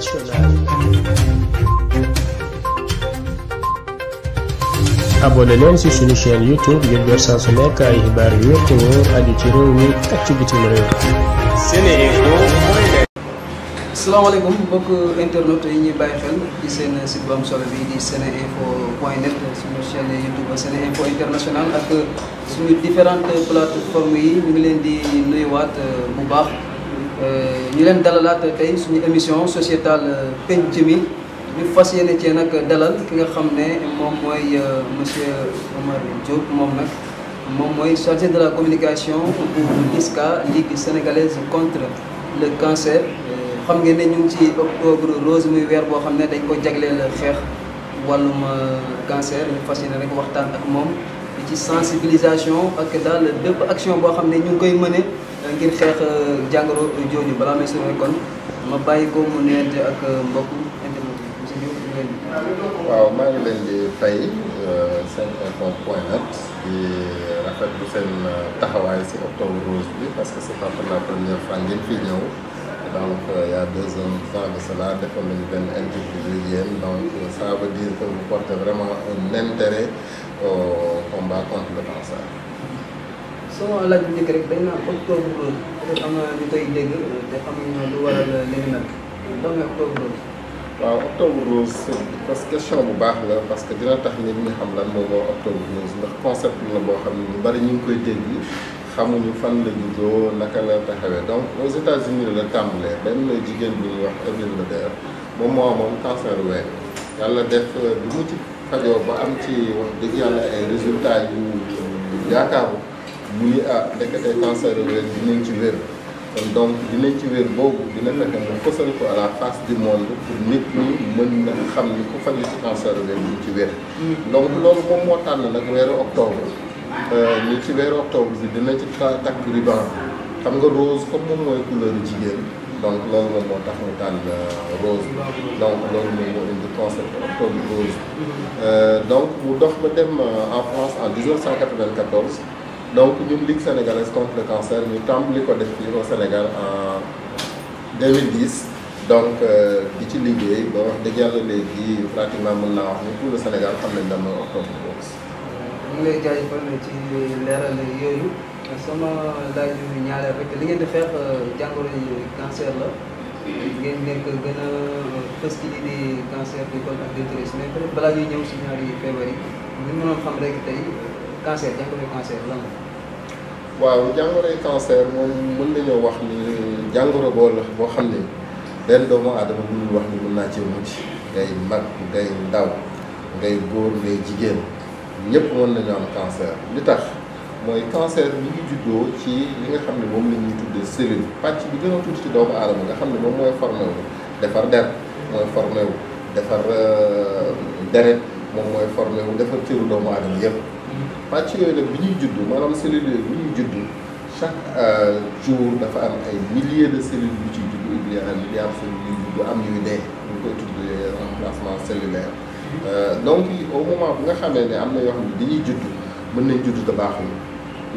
internationale. abonné leen ci suñu chaîne youtube ngir jot saa su ay xibaar yu wér ci réew mi ak ci bitim réew. SeneInfo. yi ñuy bàyyi xel ci seen site international ak suñu différentes plateformes yi ñu leen di nuyuwaat bu baax. Euh, ñu leen dalalaat tey suñu émission sociétale euh, penc mi ñu fas yéene cee nag dalal ki nga xam ne moom mooy euh, monsieur Omar Diop moom nag moom mooy chargé de la communication pour LISCA Ligue sénégalaise contre le cancer xam ngeen ne ñu ngi ci octobre rose muy weer boo xam ne dañ ko jagleel xeex wàllum cancer ñu fas yéene rek waxtaan ak moom ci sensibilisation ak daal bépp action boo xam ne ñu ngi koy mëne euh, ngir xeex euh, jàngoro jooju balaa may sori kon ma bàyyi ko mu nuyante ak euh, mbokku internet yi waaw maa ngi leen di fay seen info point net di rafetlu seen taxawaay si octobre rose bi parce que c'est pas pour la première fois ngeen fii ñëw. donc euh, il y a deux ans de cela defoon nañu benn interview donc euh, ça veut dire que vous portez vraiment un intérêt au combat contre le cancer. sama laaj bu njëkk rek dañ naan octobre rose peut-être am na ñu koy dégg euh, te xamuñu lu waral léegi nag lan mooy octobre rose. waaw octobre rose parce que question bu baax la parce que dina tax nit ñi xam lan moom moo octobre rose ndax concept la boo xam ne ñu bari ñu ngi koy dégg. xamuñu fan la juddoo naka la taxawee donc aux États-Unis la tàmbalee benn jigéen bu ñuy wax Evelyn Loder moom moo amoon cancer ween yàlla def du euh, mu ci ba am ci wax dëgg yàlla ay résultats yu yaakaaru mu ni ah ndekete cancer ween dinañ ci wér kon donc dinañ ci wér boobu dina fekk mu fësal ko à la face du monde pour nit ñi mën na xam ni ku faju ci cancer ween ñu ci wér mm. donc loolu moom moo tànn nag weeru octobre ñu euh, ci weeru octobre bi dina ci takk ruban xam nga rose comme mooy couleur jigéen donc loolu moom moo tax mu tànn euh, rose donc loolu moom moo indi concept octobre rose euh, donc mu dox ma dem en France en 1994 donc ñun Ligue sénégalaise contre le cancer ñu li ko def fii au Sénégal en 2010 donc di ci liggéey ba wax dëgg yàlla léegi pratiquement mën naa wax ni tout Sénégal xam nañ dama octobre rose ngi lay jaajëfal ci leeral yooyu sama laaj yu rek li ngeen di xeex euh, jàngoro yi la ngeen nekk gën a fës ci lii si ñaari feebar yi ñu mënoon xam rek la. waaw jàngoroy cancer mën nañoo wax ni jàngoro boo la boo xam ne benn doomu aadama mënul wax ni mën naa ci mucc ngay mag ngay ndaw ngay góor ngay jigéen. ñëpp mën nañu am cancer li tax mooy cancer mi ngi juddoo ci li nga xam ne moom la ñuy tuddee cellule pàcc bi gën a tuuti ci doomu aadama nga xam ne moom mooy formé wu defar der mooy formé wu defar euh, deret moom mooy formé defar cëru doomu aadama yëpp pàcc yooyu nag bi ñuy judd maanaam cellule yooyu bi ñuy judd chaque euh, jour dafa am ay milliers de cellules yu ciy judd il y a un milliard cellules yu am ñuy dee ñu koy tuddee remplacement cellulaire Euh, donc au moment bu nga xamee ne am na yoo xam ne dañuy judd mën nañ judd te baaxuñu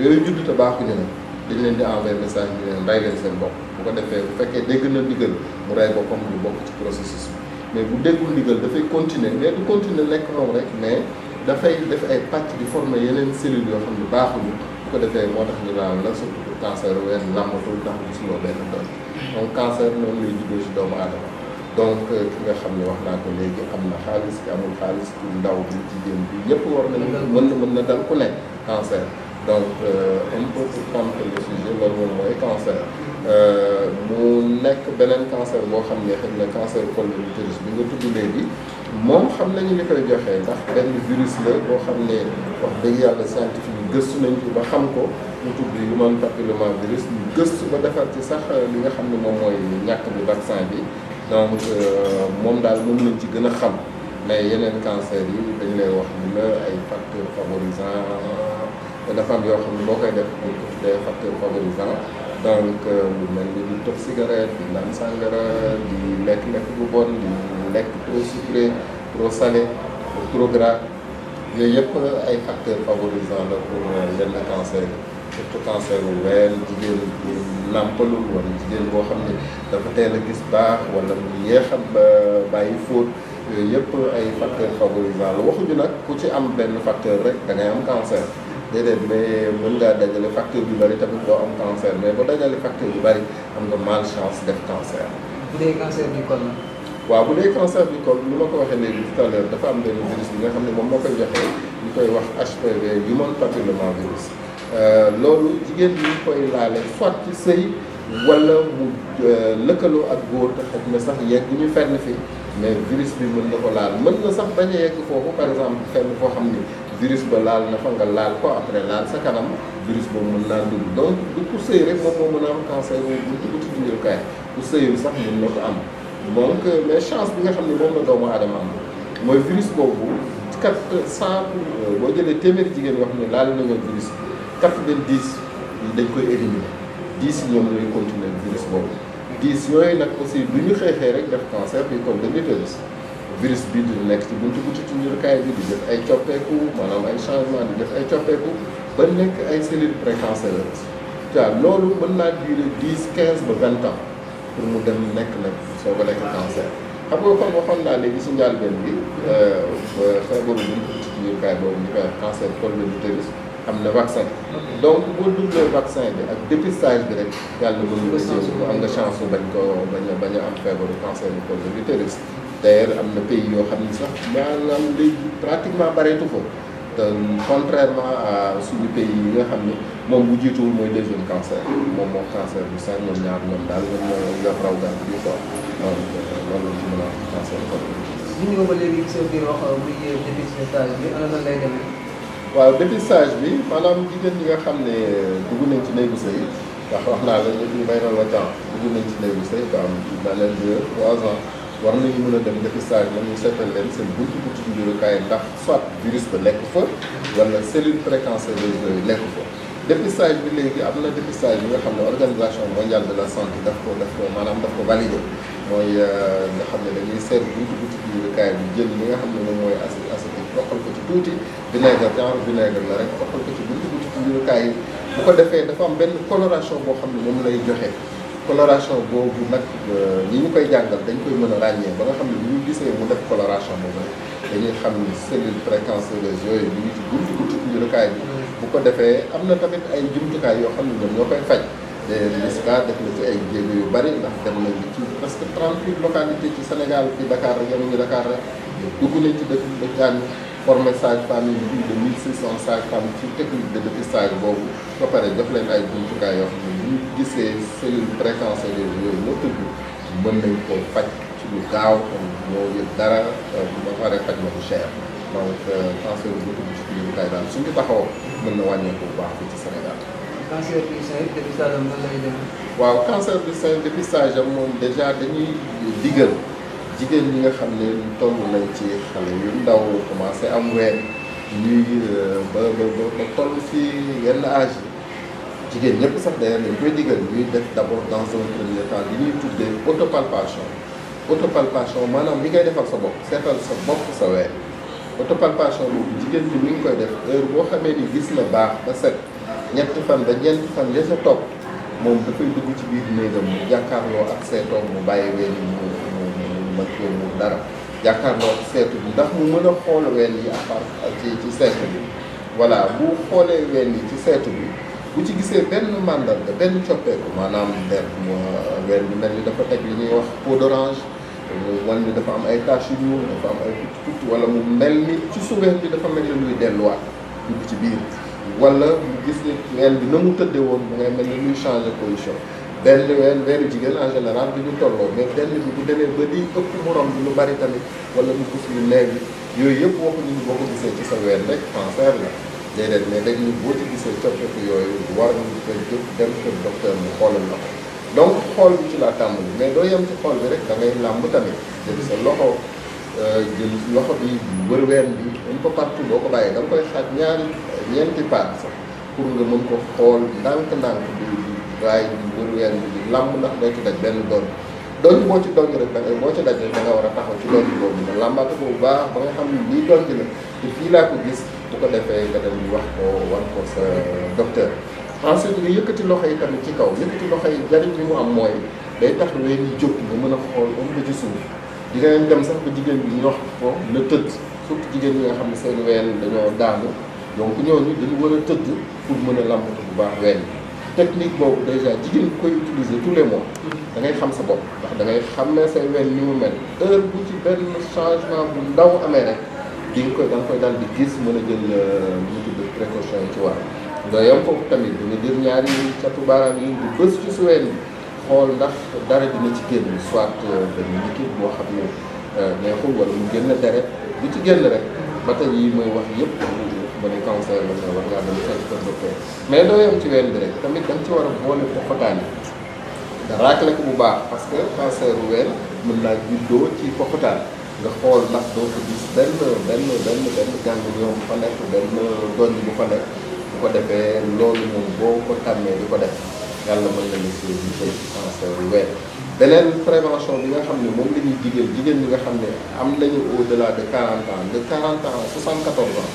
yooyu judd te baaxuñu nag dañ leen di envoyé message bi leen rey seen bopp bu ko defee bu fekkee dégg na ndigal mu rey boppam ñu bokk processus mais bu déggul ndigal dafay continuer mais du continuer lekk moom rek mais dafay def ay pàcc di former yeneen cellules yoo xam ne baaxuñu bu ko defee moo tax ñu naan la surtout pour cancer wenn làmbatul ndax gisuma benn doon donc cancer noonu lay juddoo ci doomu aadama donc euh, ki nga xam ne wax naa ko léegi am na xaalis ki amul xaalis ku ndaw bi jigéen bi yëpp war na mën na mën na dal ku nekk cancer donc un euh, peu pour camper le sujet loolu mooy cancer euh, mu nekk beneen cancer boo xam ne xëy na cancer col de bi nga tudd léegi moom xam nañu ni koy joxee ndax benn virus la boo xam ne wax dëgg yàlla scientifique yi gëstu nañ fi ba xam ko mu tudd human papilloma virus ñu gëstu ba defar ci sax li nga xam ne moom mooy ñàkk bi vaccin bi donc euh, moom daal moom lañ ci gën a xam mais yeneen cancer yi dañ lay wax ni la ay facteurs favorisants euh, dafa yoo xam ne boo koy def dañ ko tuddee facteurs donc euh, lu mel ni di tox cigarette di naan sàngara di lekk lekk bu bon di lekk trop sucré trop salé trop gras yooyu yëpp ay facteurs favorisants la pour yenn cancer yi surtout cancer wu ween jigéen nàmpalu wala jigéen boo xam ne dafa teel a gis baax wala mu yeexam ba bàyyi fóot yooyu yëpp ay facteur favorisant la waxuñu nag ku ci am benn facteur rek da ngay am cancer déedéet mais mën ngaa dajale facteur bi bëri tamit doo am cancer mais ba dajale facteur yu bari am nga malchance def cancer. bu dee cancer du col la. waaw bu dee cancer du col ni ma ko waxee léegi tout à dafa am benn virus bi nga xam ne moom moo koy joxe ñu koy wax HPV human papillomavirus. Euh, loolu jigéen ñi ñu koy laale soit ci sëy wala mu euh, lëkkaloo ak góor te xaj na sax yegg ñu fenn fi mais virus bi mën na ko laal mën na sax bañ a yegg foofu par exemple fenn foo xam ne virus ba laal na fa nga laal ko après laal sa kanam virus boobu mën naa dugg donc du ku mën am cancer bu uti dundalkaay ku sëyul sax mën na ko am donc euh, mais chance bi nga xam ne moom la doomu aadama am mooy virus boobu quatre cent boo jëlee téeméeri jigéen yoo xam ne laal nañoo virus quatre-vingt-dix yi dañ koy éliminer dix yi ñoom ñooy continuer virus boobu dix yooyu nag aussi lu ñu xeexee rek def cancer bi comme de l'utérus virus bi di nekk ci buntu buntu tunjurukaay bi di def ay coppeeku maanaam ay changement di def ay coppeeku ba nekk ay cellules précancéreuses waaw loolu mën naa durer dix quinze ba vingt ans pour mu dem nekk nag soo ko nekk cancer xam nga kon waxoon naa léegi si njàlbeen bi euh, feebaru buntu buntu tunjurukaay boobu ñu koy wax cancer col de l'utérus am na vaccin donc boo doublé vaccin bi ak dépistage bi rek yàlla mën na ko am nga chance bu bañ ko bañ a a am feebaru cancer du col de l'utérus d'ailleurs am na pays yoo xam ne sax maanaam léegi pratiquement bareetu ko te contrairement à suñu pays yi nga xam ne moom bu jiituwul mooy deuxième cancer moom moo cancer du sein ñoom ñaar ñoom daal ñoom ñoo yor raw bi quoi donc loolu a am cancer du col de l'utérus. ñu ñëw ba léegi ci biir euh, bi ana lan lay demee. waaw dépistage bi maanaam jigéen ñi nga xam ne euh, dugg nañ ci néegu sëy ndax wax naa la ñu may na la temps dugg nañ ci néegu sëy ba am na leen deux trois ans war nañu mën a dem dépistage la ñu seetal leen seen buntu buntu njurukaay ndax soit virus ba nekk fa wala cellule précancéreuse yooyu nekk fa dépistage bi léegi am na dépistage bi nga xam ne organisation mondiale de la santé daf ko daf ko maanaam daf ko validé mooy euh, nga xam ne dañuy seet buntu buntu njurukaay bi jël li nga xam ne moom mooy acide bokkal ko ci tuuti vinaigre genre vinaigre la rek bokkal ko ci buñu dugg ci cujurukaay bu ko defee dafa am benn coloration boo xam ne moom lay joxe coloration boobu nag ñi euh, ñu koy jàngal dañ koy mën a ràññee ba nga xam ne bu ñu gisee mu def coloration boobu dañuy xam ne ni cellule fréquenceuse yooyu ñu ngi ci buntu buntu cujurukaay bi bu ko defee am na tamit ay jumtukaay yoo xam ne ñoom ñoo koy faj te LISCA def na ci ay jéego yu bari ndax dem nañ ci presque 38 localités ci Sénégal fii Dakar rek yamuñu Dakar dugg nañ ci dëkk bi daan formé sage-femme yi plus de 1600 sages-femmes ci technique de dépistage boobu ba pare jox leen ay jumtukaay yoo xam ne ñu gisee cellule précancer yooyu la tëdd mën nañ ko faj ci lu gaaw kon dara euh, ba pare faj na ko cher donc euh, cancer bu tëdd mën na wàññeeku bu baax fii ci Sénégal. cancer du sein dépistage am waaw cancer du sein dépistage am moom déjà dañuy digal. jigéen ñi nga xam ne toll nañ ci xale yu ndaw commencé am ween ñuy euh, ba ba ba toll si yenn yi jigéen ñëpp sax d'ailleurs dañ koy digal ñuy def d'abord dans un premier temps li ñuy tuddee autopalpation autopalpation maanaam bi ngay defal sa bopp seetal sa bopp sa ween autopalpation boobu jigéen bi mi ngi koy def heure boo xamee ni gis na baax ba set ñetti fan ba ñeenti fan ya sa topp moom dafay dugg ci biir néegam mu jàkkaarloo ak seetoom mu bàyyi ween mu mën koo muur dara yaakaar naa seetu bi ndax mu mën a xool ween yi à ci ci seetu bi voilà bu xoolee wen yi ci seetu bi bu ci gisee benn màndarga benn coppeeku maanaam der mu ween bi mel ni dafa teg li ñuy wax peau d'orange wan ni dafa am ay taches yu ñuul dafa am ay put put wala mu mel ni ci suween bi dafa mel ni luy delluwaat dugg ci biir wala mu gis ni ween bi na mu tëdde woon bu ngay mel ni luy changer position benn weer weeru jigéen en général du ñu tolloo mais benn bi bu demee ba di ëpp morom bi lu bari tamit wala lu gis yooyu yëpp waxuñu boo ko gisee ci sa weer rek cancer mais dañu boo ci gisee yooyu war nañu ko jóg dem kër docteur mu xoolal la ko donc xool bi ci laa tàmm bi mais doo yem ci xool bi rek da ngay làmb tamit jël sa loxo euh, jël loxo bi wër ween bi un ko partout boo ko bàyyee da nga koy xaaj ñaari ñeenti paat sax pour nga mën ko xool ndànk-ndànk du raay ngir weer bi di làmb ndax doo ci daj benn doon doon boo ci doon rek da ngay boo ci daj rek da war a taxaw ci doon boobu nga làmbaate ko bu baax ba nga xam ne lii doon la te fii laa ko gis bu ko defee nga dem wax ko war ko sa docteur. ensuite nga yëkkati loxo yi tamit ci kaw yëkkati loxo yi jariñ bi mu am mooy day tax ween yi jóg nga mën a xool ba mu ci suuf dinañ dem sax ba jigéen bi ñu wax ko nu tëdd surtout jigéen ñi nga xam ne seen ween dañoo daanu donc ñooñu dañu war a tëdd pour mën a làmbatu bu baax ween technique boobu déjà jigéen koy utiliser tous les mois mm-hmm. da ngay xam sa bopp ndax da ngay xam ne say wen ni mu mel heure bu ci benn changement bu ndaw amee rek di nga koy da nga koy daal di gis mën a jël euh, mu tudd précaution yi ci war nga yem foofu tamit di nga jël ñaari catu baaraam yi di bës ci suween xool ndax dara dina ci génn soit euh, benn kii boo xam ne euh, neexul wala mu génn deret bu ci génn rek ba yi mooy wax yëpp ba ñu conseillé la ne war ngaa dem ci ween rek tamit da nga ci war a boole ko xotaan yi nga raakle ko bu baax parce que cancer ween mën naa juddoo ci poxotaan nga xool ndax doo ko gis benn benn benn benn ganglion bu fa nekk benn donj bu fa nekk bu ko defee loolu moom boo ko tàmmee di ko def yàlla mën na la suñu bëri ci cancer ween. beneen prévention bi nga xam ne moom la ñuy jigéen jigéen ñi nga xam ne am nañu au delà de 40 ans de 40 ans à 74 ans.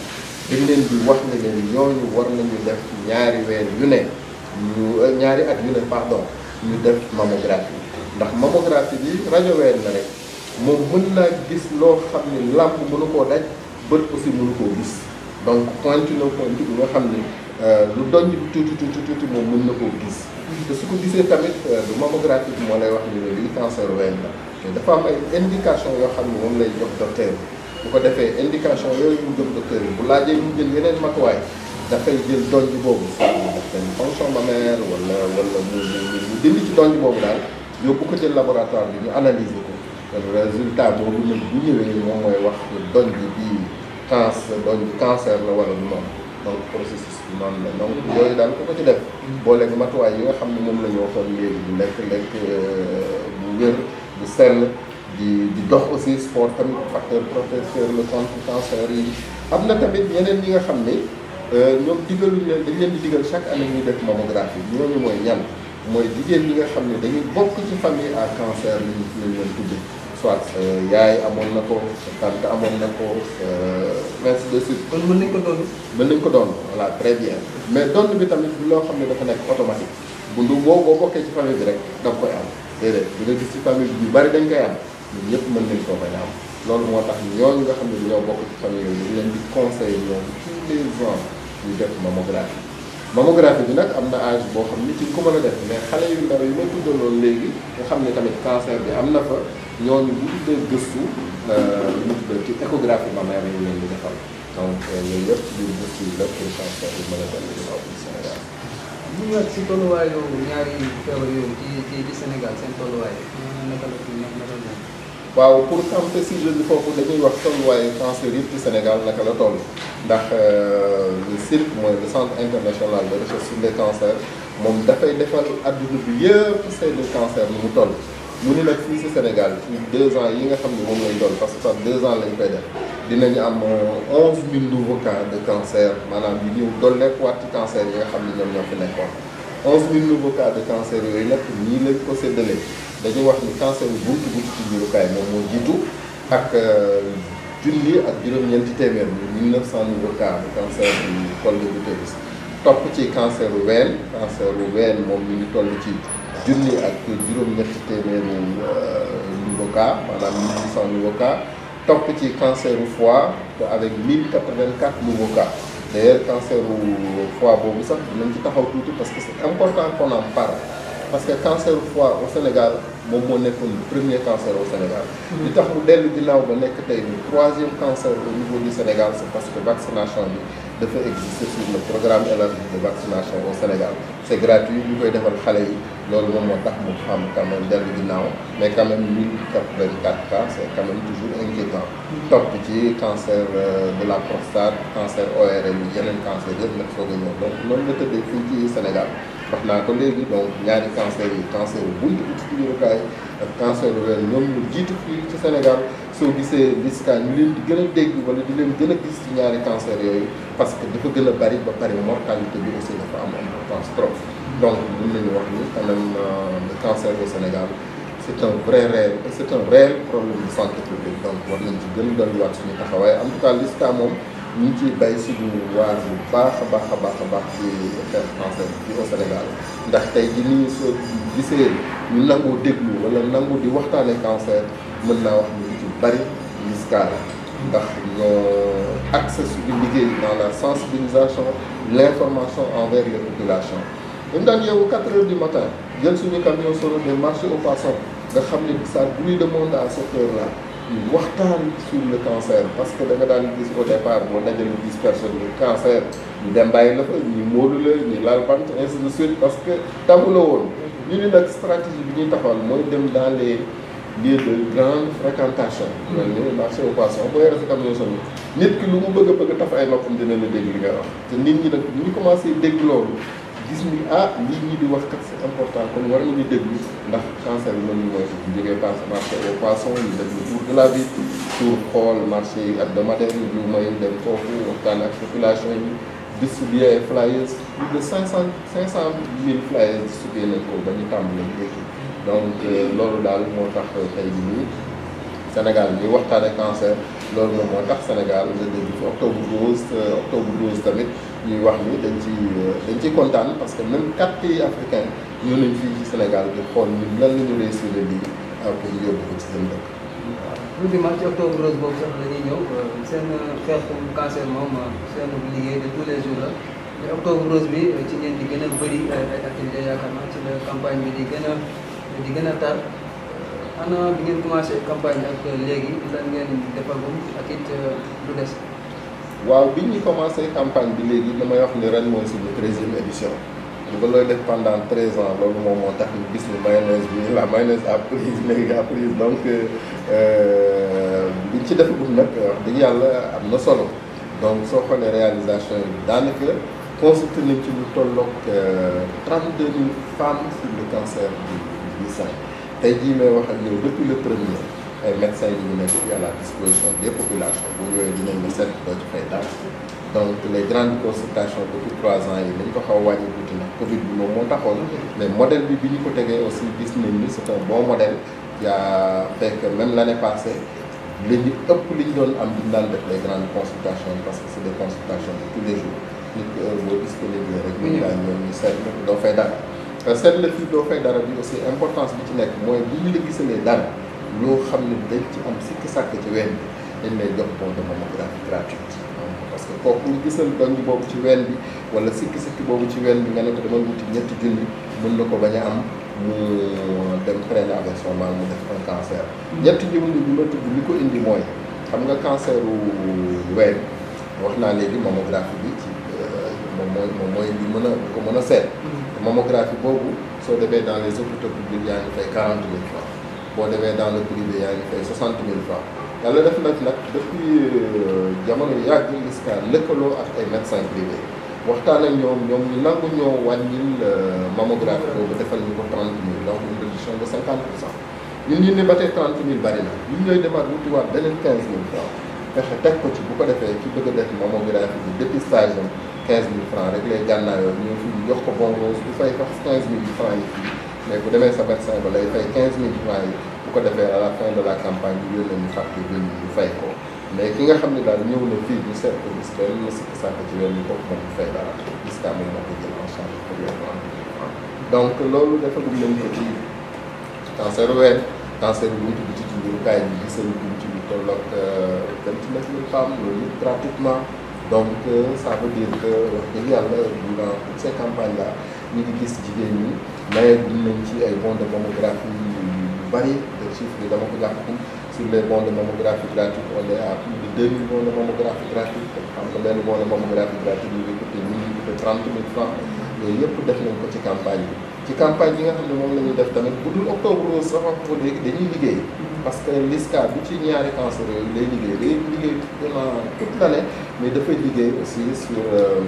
dañ leen di wax ne leen ñooñu war ñu def ñaari weer yu ne ñu ñaari at yu ne pardon ñu def mammographie ndax mammographie bi rajo weer na rek moom mën naa gis loo xam ne làmp mënu koo daj bët aussi mënu koo gis donc pointu na pointu bi nga xam ne euh, lu doñ tuuti tuuti tuuti moom mën na koo gis te su ko gisee tamit lu euh, mammographie moo lay wax ni ne lii cancer ween la te dafa am indication yoo xam ne moom lay jox docteur bi bu ko defee indication yooyu mu jëm docteur yi bu laajee ñu jël yeneen matuwaay dafay jël donj boobu soit mu def benn fonction mammaire wala wala mu mu dindi ci donj boobu daal yóbbu ko jël laboratoire bi ñu analyser ko résultat boobu ñun bu ñëwee moom mooy wax donj bi cancer donj cancer la wala du moom donc processus bi noonu la donc yooyu daal ku ko ci def boole matuwaay yi nga xam ne moom la ñu waxoon léegi bu lekk lekk euh, bu wér bu sell di di dox aussi sport tamit facteur protecteur le contre cancer yi am na tamit yeneen yi nga xam ne euh, ñoom digaluñ leen dañ leen di digal chaque année ñuy def mammographie ñooñu mooy ñan mooy jigéen li nga xam ne dañuy bokk ci famille à cancer li ñu lañ leen tudde soit euh, yaay amoon na ko tante amoon na ko euh, ainsi de suite kon mën nañ ko doon mën nañ ko doon voilà très mais doon bi tamit loo xam ne dafa nekk automatique bu ndu boo boo bokkee ci famille bi rek da nga koy am déedéet bi dañ koy am ñun ñëpp mën nañ ko bañ loolu moo tax ñooñu nga xam ne ñoo bokk ci famille yooyu ñu leen di conseiller ñoom tous bi nag am na âge boo xam ni ci ko mën a def mais xale yu ndaw yu ma tuddaloon léegi nga xam ne tamit cancer bi am na fa ñooñu bu dee gëstu euh, ñu tuddee ci échographie mammaire ñu leen di defal donc euh, yooyu yëpp ci biir gëstu yi cancer bi mën a dellu ginnaaw ñu ngi wax si tolluwaayu ñaari feebar yooyu ci ci Sénégal seen tolluwaay naka la naka la waaw pour campesine jeune bi foofu dañuy wax tolluwaayu cancer yëpp ci Sénégal naka la toll ndax euh, le CIRC mooy le centre international de recherche sur les cancers moom dafay defal adduna bi yëpp seeni cancer nu mu toll. mu ni nag fii si Sénégal ci deux ans yi nga xam ne moom lañ dool parce que par deux ans lañ koy def dinañu am onze mille nouveaux cas de cancer maanaam yi ñëw dolleekuwaat ci cancer yi nga xam ne ñoom ñoo fi nekkoon onze mille nouveaux cas de cancer yooyu nag séddalee. dañuy wax ni cancer bu buntu buntu ci biirukaay moom moo jiitu ak euh, junni ak juróom-ñeenti téeméer bi 1900 nouveaux cas bu cancer bu topp ci cancer bu ween cancer bu ween moom mi ngi toll ci junni ak juróom-ñetti téeméeri euh, nouveaux cas maanaam 1600 nouveaux cas topp ci cancer bu foie avec 1084 nouveaux cas d'ailleurs cancer bu foie boobu sax dinañ ci taxaw tuuti parce que c'est important qu'on en parce que cancer du foie au Sénégal moom moo nekkoon le premier cancer au Sénégal. li tax mu dellu ginnaaw ba nekk tey le troisième cancer au niveau du Sénégal parce que vaccination bi dafa exister sur le programme élargi de vaccination au Sénégal c'est gratuit ñu koy defal xale yi loolu moom moo tax mu xam quand même mais quand même 1084 cas c'est quand même toujours inquiétant. topp ci cancer euh, de la prostate cancer ORL yi yeneen cancer yëpp nag foog a donc noonu la tëddee fii ci Sénégal. wax naa ko léegi donc ñaari cancer yi cancer bu bunt bi ci ak cancer bu ñoom ñu jiitu fii ci Sénégal soo gisee LISCA ñu leen di gën a dégg wala di leen gën a gis ci ñaari cancer yooyu parce que dafa gën a bari ba pare mortalité bi aussi dafa am importance trop. donc mën nañu wax ni quand même euh, cancer au Sénégal c' est un vrai réel c' est un réel problème de santé publique donc war nañ ci gën a dolliwaat suñu taxawaay am tout cas moom. ñu ngi ciy bay suñu waar bu baax a baax baax a baax ci xeex français bi au Sénégal ndax tey ji nii soo gisee ñu nangoo déglu wala nangu di waxtaane cancer mën naa wax ñu ngi ci bari Niska ndax ñoo accès suñu liggéey dans la sensibilisation l' information envers les populations dañ daan yeewu 4 heures du matin jël suñu camion solo des marchés aux passants nga xam ni saa bruit de monde à cette heure là waxtaan sur le cancer parce que da nga daan gis au départ mu dajale dix personnes ñu cancer ñu dem bàyyi la fa ñu móodu la ñu laal bant ainsi de suite parce que tabu la woon ñu ne nag stratégie bi ñuy taxawal mooy dem dans les de grande fréquentation mel ni marché au poisson booy rafet am ñoo nit ki lu mu bëgg bëgg taf ay noppam dina la dégg li te nit ñi nag bu ñu commencé dégg loolu gis ni ah lii ñii di wax kat c'est important kon war nañu déglu ndax cancer bi mën ñu moytu bu jógee pass marché aux yi hebdomadaire yi lu may dem foofu waxtaan yi distribuer ay flyers plus cent cinq cent mille flyers distribué donc euh, loolu daal moo tax Sénégal bi waxtaane cancer loolu moo tax Sénégal nga dégg fi octobre rose euh, octobre rose tamit ñuy wax ni dañ ci dañ ci kontaan parce que même quatre pays africains ñoo nañ Sénégal di xool ñun la ñu réussir lii pour yóbbu ko ci seen dëkk. lu bi man ci octobre rose boobu sax la ñuy ñëw euh, seen xeexu cancer moom euh, seen liggéey de tous les jours la mais octobre rose bi euh, ci ngeen di gën a bëri ay activités yaakaar naa ci la campagne bi di gën a di gën a tar. ana bi ngeen commencé campagne ak léegi lan ngeen defagum ak it lu des. waaw bi ñu commencé campagne bi léegi damay wax ni ren mooy suñu treizième édition ñu ko looy def pendant treize ans loolu moom moo tax ñu gis ni mayonnaise bi la mayonnaise à prise léegi à prise donc euh, biñ ci defagum nag wax dëgg yàlla am na solo donc soo xoolee réalisation yi daanaka consulté nañ ci lu tolloog euh, trente deux mille femmes sur le cancer du du tey jii may wax ak yow depuis le premier. ay médecins yi ñu nekk fii la disposition des populations bu ñëwee dinañ ne seet doo ci fay dara donc les grandes consultations depuis trois ans yi dañ ko xaw wàññi tuuti nag Covid bi moom moo taxoon mais modèle bi bi ñu ko tegee aussi gis nañ ni c'est un bon modèle yaa fekk même l'année passée li ñu ëpp li ñu doon am diñ daan def les grandes consultations parce que c'est des consultations de tous les jours nit ki heure boo disponible rek ñu daan ñoom seet doo fay dara euh, seet la fii doo fay dara bi aussi importance bi ci nekk mooy bu ñu la gisalee dara ñoo xam ne dañ ci am sikki sàkk ci ween bi dañ lay jox bon de mammographie gratuite parce que kooku gisal doñ boobu ci ween bi wala sikki sikki boobu ci ween bi nga ne ko dama wuti ñetti junni mën na ko bañ a am mu dem traîner avec son mal mu def un cancer ñetti junni bi ma tudd li ko indi mooy xam nga canceru ween wax naa léegi mammographie bi ci euh, moom mooy moom mooy li mën a ko mën a seet mm. mammographie boobu soo demee dans les hôpitaux publics yaa boo demee dans le privé yaa ngi fay 60 000 francs yàlla def nag nag depuis euh, jamono yàgg ISCA lëkkaloo ak ay médecins privés waxtaan ak ñoom ñoom ñu nangu ñoo wàññil euh, mammographie boobu defal ñu ko 30 000 donc une réduction de 50 pour cent ñun ñu ne ba tey 30 000 bari na ñun beneen 15 000 francs fexe teg ko ci bu ko defee ci bëgg a def mammographie bi dépistage am 15 000 francs rek lay gànnaayoo ñoo fi jox ko bon rose du fay fax 15 000 francs mais bu demee sa médecin ba lay fay 15000 francs yi bu ko defee à la fin de la campagne bi yónnee ñu facture bi ñu fay ko mais ki nga xam ne daal ñëw na fii ñu seet ko gis kenn ñu sikk sàkk ci yoon ñu am donc loolu dafa gum ko ci cancer ween cancer buntu bi ci jurukaay bi gisal buntu bi tolloog vingt-neuf mille pratiquement donc euh, ça veut dire que yàlla durant toutes ces campagnes là ñu ngi gis jigéen ñi mais dinañ ci ay bons de mammographie yu bëri de chiffres yi dama ko jàpp sur les bons de mammographie gratuits on est à de 2 000 de mammographie gratuits xam nga benn bon de mammographie gratuit ñu ngi coûté 30 000 francs yooyu yëpp def nañ ko ci campagne bi ci campagne bi nga xam ne moom la ñuy def tamit bu dul octobre rose sax wax léegi dañuy liggéey parce que LISCA bu ci ñaari cancer yooyu lay liggéey day liggéey pendant toute l'année mais dafay liggéey aussi sur euh,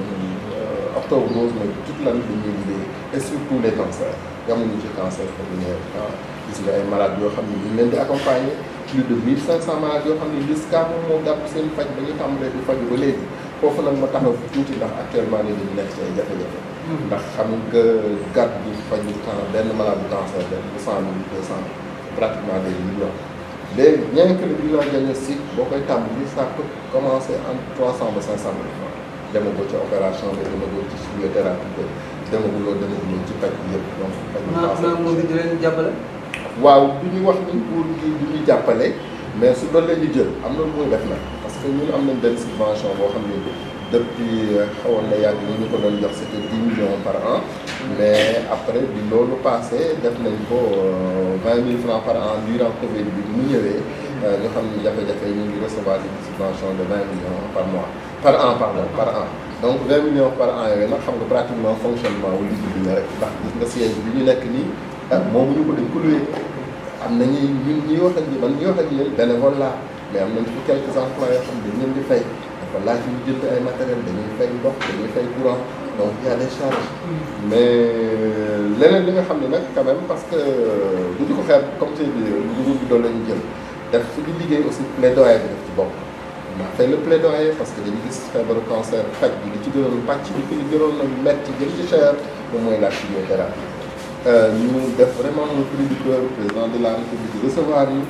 octobre rose mooy toute l'année dañuy liggéey et surtout les cancers yamuñu ci cancer pulmonaire ah gis nga ay yoo xam ne ñu leen di accompagner plus de 1500 malades yoo xam ne jusqu'à moom moo seen faj ba ñu tàmbalee du faju ba léegi foofu nag ma taxaw fi tuuti ndax actuellement nii dañu nekk ci ay jafe-jafe. Hmm. ndax xam nga gàtt bi faju temps benn malade bu cancer benn bu cent mille deux cent pratiquement des millions. léegi ñeneen que le bilan diagnostique boo koy tàmbali ça peut commencer entre 300 ba 500 mille francs demagul ci opération bi demagul ci chimiothérapie bi demaguloo demaguloo ci paj bi yëpp donc. paj bi waaw du ñuy wax ni gi du jàppale mais su doon leen di am na lu muy def nag parce que ñu am nañ benn subvention boo xam ne depuis euh, xawoon na yàgg ñu ñu ko doon jox c'était dix millions par an. mais après bi loolu passé def nañ ko euh, vingt mille francs par an durant Covid bi mu ñëwee. Euh, ñu xam ni jafe-jafe ñu ngi recevoir une subvention de vingt millions par mois. par an par an donc 20 millions par an yooyu nag xam nga pratiquement fonctionnement wu liggéey bi la rek ndax gis nga siège bi ñu nekk nii ah, moomu ñu ko dañ ko luwee am na ñuy ñun ñuy wax ak ñi man ñuy wax ak yéen am nañ fi quelques emplois yoo di fay dafa laaj ñu jënd ay matériel dañuy fay ndox dañuy courant donc y a des charges mais euh, leneen li nga xam ne nag quand même parce que du euh, ñu ko xeeb comme tey bi nguur bi doon lañu jël def suñu liggéey aussi plaidoyer bi daf ci bokk fay le plaidoyer parce que dañu gis feebaru cancer faj bi li ci gënoon pàcc bi fi li gënoon na metti gën ci cher moom mooy la chimiothérapie ñu euh, def vraiment un cri du cœur président de la république recevoir yi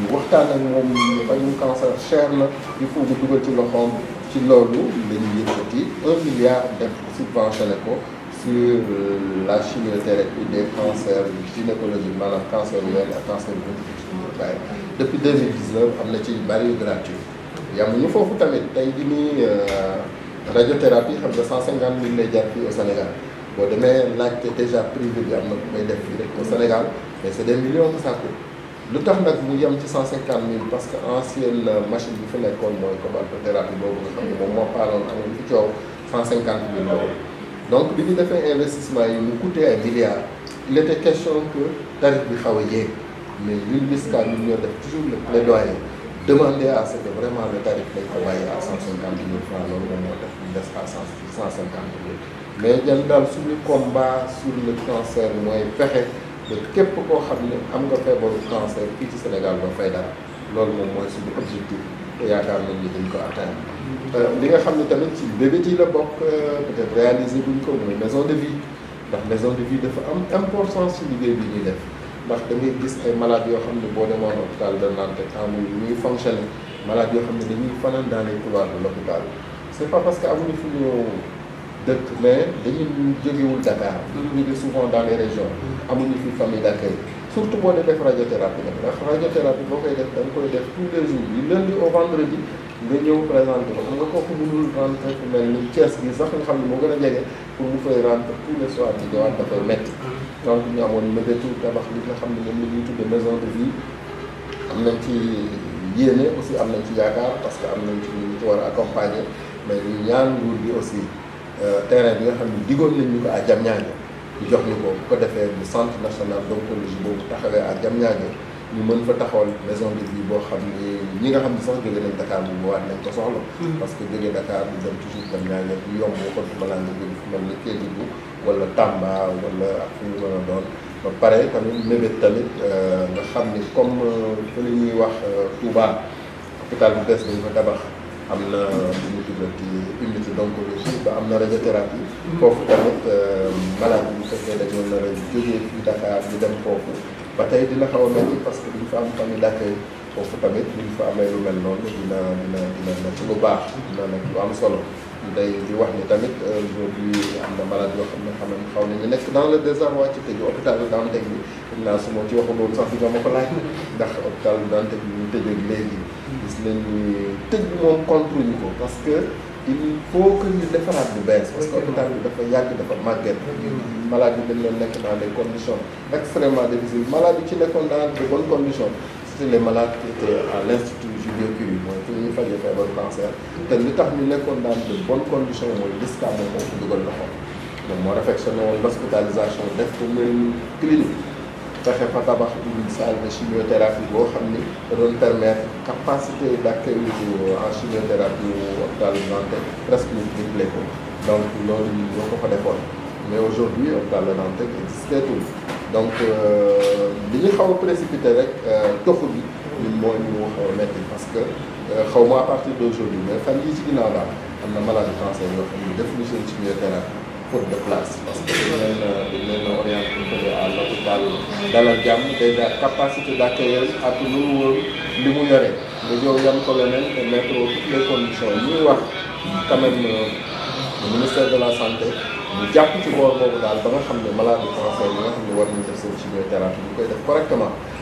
ñu waxtaan ak moom ñu fajum cancer cher na il faut mu dugal ci loxoom ci loolu la ñu yëkkati un milliard def subventionné ko sur euh, la chimiothérapie des cancers gynécologiques maanaam cancer yooyu ak cancer du depuis 2019 am na ci bari gratuit yamuñu foofu tamit tey jii nii euh, radiothérapie xam nga 150 mille lay jar fii au Sénégal boo demee laajte déjà privé bi am na ku def fii rek au Sénégal mais c'est des millions que ça lu tax nag mu yem ci 150 mille parce que ancienne machine bi fi nekkoon mooy cobaltothérapie boobu nga xam ne moom moo paaloon amoon fi coow 150 mille la donc bi ñu defee investissement yi mu coûté ay milliards il question que tarif bi xaw a yéeg mais ñun LISCA ñun ñoo def toujours demander à ce que vraiment le tarif dañ ko bàyyi à 150 mille francs loolu moom moo def ñu des à 150 mille mais ñun mooy fexe ba koo xam ne am nga feebaru cancer fii ci Sénégal ba fay dara loolu moom mooy suñu objectif te yaakaar nañ ni dañ ko atteindre. Euh, li nga xam ne tamit ci bébét yi la bokk euh, peut-être réaliser buñ ko mooy maison de vie ndax maison de vie dafa am importance ci liggéey bi ñuy def. ndax dañuy gis ay malades yoo xam ne boo demoon hôpital de Nantes temps ah, muy ñuy fonctionné yoo xam ne dañuy fanaan dans les couloirs de l'hôpital c' est pas parce que amuñu fu ñu dëkk mais dañuy jógewul Dakar mm-hmm. dañuy jóge souvent dans les régions mm-hmm. amuñu fi famille d'accueil surtout boo defee radiothérapie nag ndax boo koy def da nga koy def tous les jours du lundi au nga ñëw présenté ko nga kooku mënul rentre fu mel ni Thiès gi sax nga xam ne moo gën a jege pour mu fay rentre tous les soirs di ñëwaat dafay donc ñu amoon mébétu tabax li nga xam ne moom la ñuy tuddee maison de vie am nañ ci yéene aussi am nañ ci yaakaar parce que am nañ ci ñu ci war a mais ñu ñaan nguur gi aussi euh, bi nga xam ne digoon nañ ñu ko à Diamniadio ñu jox ñu ko bu ko defee bu centre national d'oncologie boobu taxawee à Diamniadio ñu mën fa taxawal maison de vie boo xam ni ñi nga xam ne sax jóge nañ Dakar bu boobaat nañ ko soxla. Hmm. parce que jóge Dakar du dem toujours Diamniadio bu yomb waxoon fi ma laa nga jóge fi wala Tamba wala ak fu ñu mën a doon ba pare tamit mébét tamit euh, nga xam ni comme euh, fa li ñuy wax euh, Touba hôpital bu des dañu fa tabax am na lu ñu tuddati unité d'oncologie ba am na radiothérapie mm-hmm. foofu tamit malade bu fekkee dañoo nar a jógee fii Dakar ñu dem foofu ba tey dina xaw a parce que duñ fa am famille d'accueil foofu tamit buñ fa amee lu mel noonu dina dina dina nekk lu baax dina nekk lu am solo day di wax ni tamit euh, aujourd'hui am na malade yoo xam ne xam ne xaw nañu nekk dans le désarroi ci tëju hôpital Dantec bi xam naa su ma ci waxul woon sax di ko laaj ndax ñu tëj moom contre ñu ko parce que il faut que ñu defaraat bu bees parce que hôpital bi dafa yàgg dafa màgget malade yi dañ nekk dans des condition extrêmement difficiles malade yi ci nekkoon dans de bonnes conditions c'était les malades qui étaient à l'institut Jules Curie au cancer te li tax ñu nekkoon dans de bonnes conditions mooy LISCA moom moo ko dugal loxo moom moo réfectionné woon l'hospitalisation def ko muy clinique fexe fa tabax une salle de chimiothérapie boo xam ni da doon permettre capacité d'accueil en chimiothérapie hôpital Dantec presque ñu doublé ko donc loolu ñun ñoo ko fa defoon mais aujourd'hui hôpital Dantec existé tout donc euh, li ñu xaw a précipité rek euh, toxu bi ñun moo ñu xaw a metti parce que Euh, xaw ma à partir d'aujourd'hui mais fan yii ci ginnaaw daal am na malade cancer yoo xam ne defuñu seen chimiothérapie faute de place parce que dañ leen dañ leen a orienté à l'hôpital Dalal Jàmm déjà capacité d'accueil ak lu mu wóor li mu yore nga jow yam ko leneen te mettre toutes les conditions yi ñuy wax quand euh, ministère de la santé ñu jàpp ci boor boobu daal ba xam ne malade cancer yi nga xam ne war nañ def seen chimiothérapie ñu koy def correctement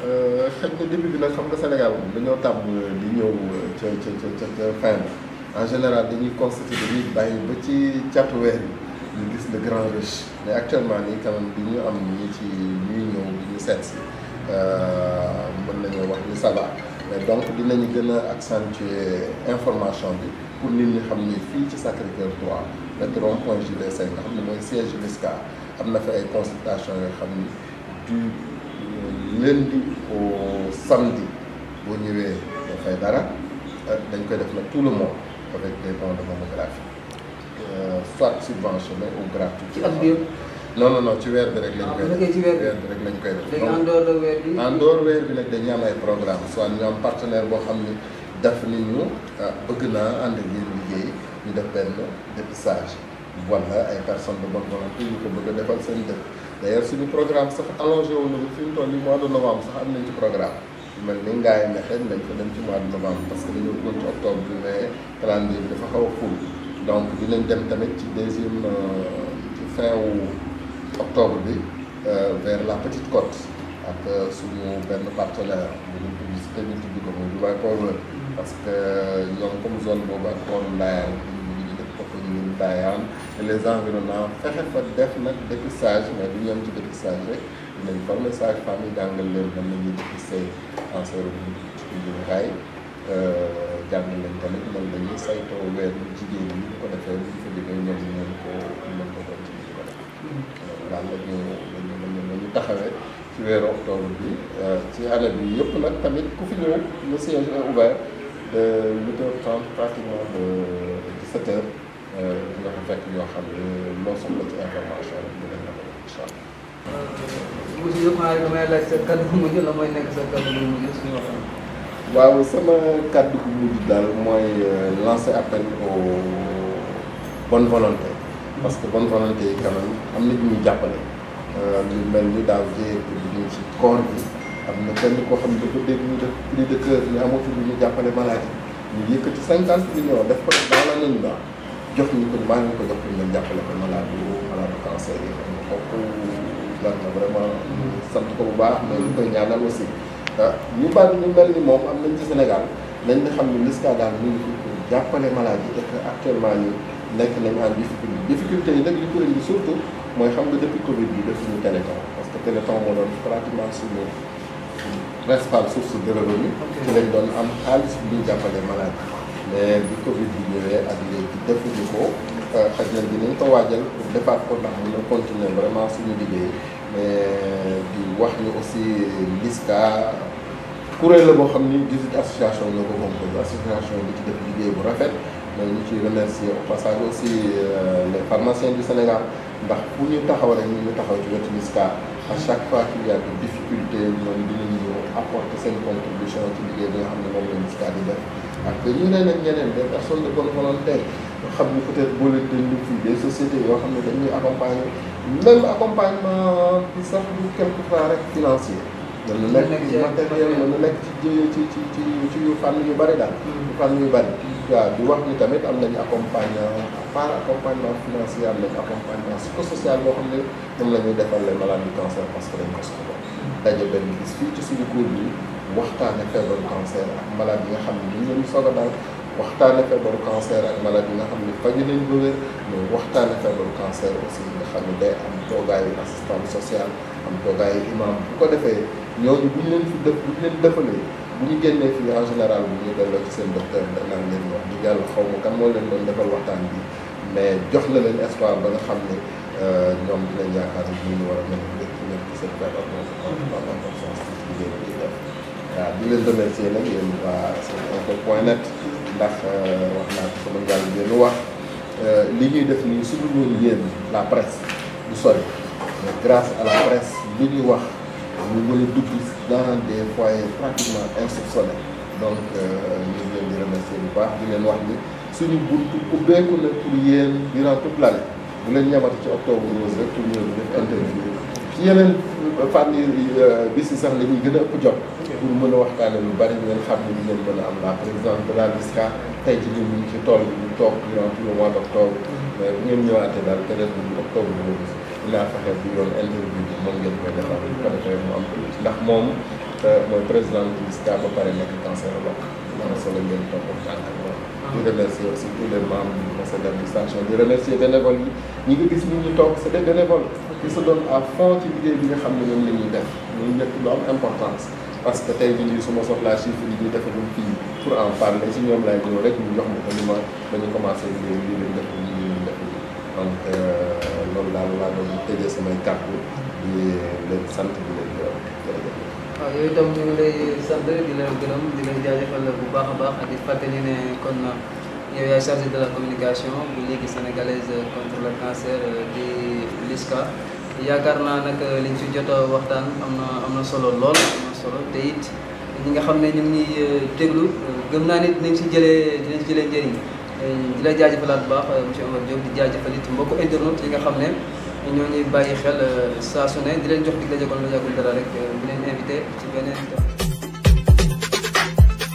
Euh, xëy na début bi nag xam nga Sénégal dañoo tàmm di ñëw euh, ca ca ca ca fin en général di dañuy constaté dañuy bàyyi ba ci catu weer yi ñu gis le grand rush mais actuellement nii quand même bi ñu am ñi ci ñuy ñëw di ñu seet si euh, mën nañoo wax ni ça mais donc dinañu gën a accentuer information bi pour nit ñi xam ni fii ci Sacré-Cœur 3 nekk rond-point JDC nga xam ne mooy siège LISCA am na fi ay consultation yoo xam ni du. lundi au samedi boo ñëwee doo dara euh, dañ koy def na tout le mois avec des de mammographie euh, soit subventionné ou gratuit. ci at bi yëpp non ci weer bi rek. lañ ah, koy koy def. léegi de weer bi. nag dañuy am ay programme soit ñu am partenaire boo xam ni def ni ñu ah, bëgg naa ànd ak yéen liggéey ñu def benn dépistage wala ay personnes de bonne volonté ñu ko bëgg defal seen dëkk. d'ailleurs suñu programme sax allongé wu na ba fi mu toll nii mois de novembre sax am nañ ci programme mel ni Ngaye Mekhe nañ ko dem ci mois de novembre parce que dañoo bëggoon ci octobre bi mais calendrier bi dafa xaw a ful donc dinañ dem tamit ci deuxième euh, ci fin wu octobre bi euh, vers la Petite Côte ak euh, suñu benn partenaire bu ñu publicité ñu ko mooy parce que ñoom comme zone boobu ak koonu Ndayaan ñu ngi def ko ñu Ndayaan les environnements fexe fa def nag dépistage mais du yem ci dépistage rek dinañ former sage-femme yi jàngal leen mën nañuy dépister cancer bu njurukaay euh, jàngal leen tamit noonu la ñuy saytoo weer jigéen ñi bu ko defee bu ñu fa jógee ñoom ñu mën ko mën ko ko euh, daal la ñu taxawee ci weeru octobre bi euh, ci ale bi yëpp nag tamit ku fi ñëw le siège ouvert de 8 h de 17 nga fa fekk yoo xam ne loo soxla ci information bi la ko incha sa kaddu bu mujj la mooy nekk sa kaddu bu mujj suñu mooy euh, lancer appel au bonne volonté. parce que bonne volonté yi quand am na ñu jàppale. Euh, lu mel ni daal jéeg lu jëm ci koor bi am na kenn koo xam ne dafa dégg ñu def prix de cœur ñu amatul lu ñu jàppale maladie ñu yëkkati cinquante millions def ko dans la jox ñu ko maa ngi ko jox ñu leen jàppale ko malade bu malade cancer yi kooku lan la vraiment sant ko bu baax mais ñu koy ñaanal aussi ah, ñu bari ñu mel ni moom am nañ ci Sénégal nañ nga xam ne LISCA daal ñu ngi fi pour jàppale malade yi et actuellement ñu nekk nañ maa difficulté difficulté yi nag li ko indi surtout mooy xam nga depuis Covid bi def ñu téléthon parce que téléthon moo doon pratiquement suñu principale source de revenu ci lañ doon am xaalis bi ñuy jàppale malade mais bi Covid bi ñëwee ak léegi defuñu ko euh, xaj na dinañ ko waajal pour defaat ko ndax mën a continuer vraiment suñu liggéey mais euh, di wax ñu aussi LISCA kuréel la moo xam ni 18 association ñoo ko composé association bi ci def liggéey bu rafet mais ñu ciy remercier au passage aussi euh, les pharmaciens du Sénégal ndax fu ñu taxaw rek ñu taxaw ci wetu LISCA à chaque fois qu'il di a des difficultés ñoom dinañu apporter seen contribution ci liggéey bi nga xam ne moom la LISCA di parce que ñeneen ak ñeneen des de bonne volonté xam ni peut-être boole dañ ñu fii des sociétés yoo xam ne dañuy accompagner même accompagnement bi sax du quelque part rek financier. mën na nekk ci ci ci ci ci ci yu fànn yu bari daal. Mm-hmm. yu fànn yu bari. waaw di wax ni tamit am nañu accompagnement à part accompagnement financier am nañu accompagnement psychosocial boo xam ne moom la ñuy defal les malades du cancer parce que dañ ko soxla. daje benn gis fii ci suñu cours bi. waxtaane feebaru cancer ak malade nga xam ne ñu ngi leen soog a daal waxtaane feebaru cancer ak malade nga xam ne faj nañ ba wér mais waxtaane feebaru cancer aussi nga xam ne day am toogaayu assistante sociale am bu ko defee ñooñu ñu leen fi def bu ñu leen defalee bu ñu génnee fii général bu ñu delloo ci seen docteur danaan leen wax di yàlla xaw ma kan moo leen doon defal waxtaan bi mais jox la leen espoir ba nga xam ne euh, ñoom dinañ yaakaar ni ñu war a mel nekk ci seen feebar boobu en tout cas en conscience ci liggéey waaw di leen remercier nag yéen waa Seneinfo point net ndax euh, wax naa ko sama njàng génn wax euh, li ñuy def nii su dul woon la presse du sori mais grâce la presse li ñuy wax ñu mën a des foyers pratiquement insoupçonnés donc euh, ñu ngi di remercier bu baax di leen wax ni suñu buntu ubbeeku na pour yéen durant toute l'année bu leen ñamati ci octobre rose rek pour ñëw ci yeneen fànn bis yi sax la ñuy gën a ëpp jot pour mën a waxtaane lu bari ngeen xam ne ngeen mën a am la présidence de la LISCA tey ci ñun ñu ngi ci tool ñu toog durant tout le mois d' octobre mais euh, bu ngeen ñëwaatee daal peut-être bu octobre bi ma gis dinaa fexe bu yoon interview bi moom ngeen koy defal bu ko defee mu am ci ndax moom euh, mooy président de LISCA ba pare nekk cancérologue am solo ngeen toog waxtaan ak moom di remercier aussi tous les membres du conseil d' administration di remercier bénévoles yi ñi nga gis ñu ñu toog c' est des bénévoles qui se donnent à fond ci liggéey bi nga xam ne ñoom la ñuy def muy njëkk lu am importance parce que tey jii nii suma ma soxlaa chiffre yi ñu defagum fii pour en parler si ñoom laay rek ñu jox ma ko ni commencé liggéey ñu leen def nii euh, samay kàddu di sant di leen gërëm jërëjëf. waaw lay sant bu baax a baax di fàttali ne kon yow yaay chargé de la communication bu Ligue sénégalaise contre le cancer euh, di LISCA yaakaar naa nag lañ ci jot a waxtaan am na am na solo lool. solo te it ñi nga xam ne ñu ngi ñuy euh, déglu euh, gëm naa nit dinañ si jëlee dinañ si jëlee njëriñ euh, di la jaajëfalaat bu baax monsieur Omar Diop di jaajëfal it mbokku internet yi nga xam ne ñoo ñuy bàyyi xel saa su ne di leen jox dig la jogoon la yàggul dara rek bu leen invité ci beneen